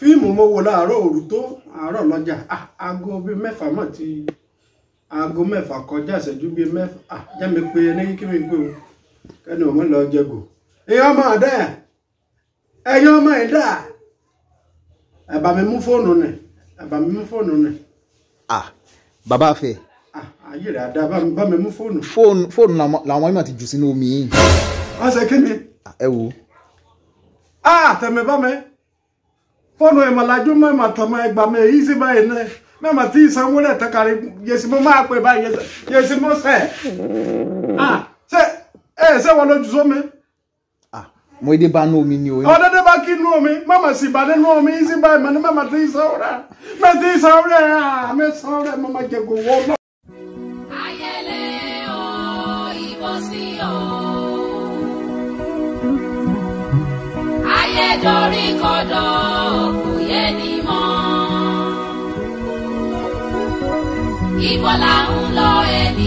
fíìmù mo wò láàárọ̀ òru tó àárọ̀ lọ́jà ah, aago bíi mẹ́fà mọ̀ ti aago mẹ́fà kọjá ìṣẹ́jú bíi mẹ́fà ah, jẹ́mi pé ẹni kí mi o kẹ́ni òun lọ jẹgò ẹ̀yin ọmọ ọ̀dà ẹ̀yin ọmọ ẹ̀dà ẹ mi mú fóònù nì ẹ mi mú fóònù nì. bàbá fẹ. Ah, ayé rẹ̀ àdá bá mi mú fóònù. fóònù jù sínú omi yìí. wọ́n ṣe ni. ẹ wo. tẹ̀mẹ̀ bá fóònù ẹ̀ màlájú mọ́ ẹ̀ màtàmọ́ ẹ̀ gbàmọ́ èyí sí báyìí náà náà màtí ìsanwó rẹ̀ tẹ́kari yèsì mo máa pè báyìí yèsì mo sẹ̀ ṣe ẹ ṣe wọn lójú sómi. mo dé bá nú omi ni o. ọ dédé bá kí nú omi mọ̀mọ̀ sì bá nínú omi yìí sí báyìí mọ̀ màtí ìsanwó rẹ̀ màtí ìsanwó rẹ̀ àmì ìsanwó rẹ̀ mọ̀mọ̀ jẹ̀gò wọ́n náà. ayẹlẹ ìbọ̀là ń lọ ẹni.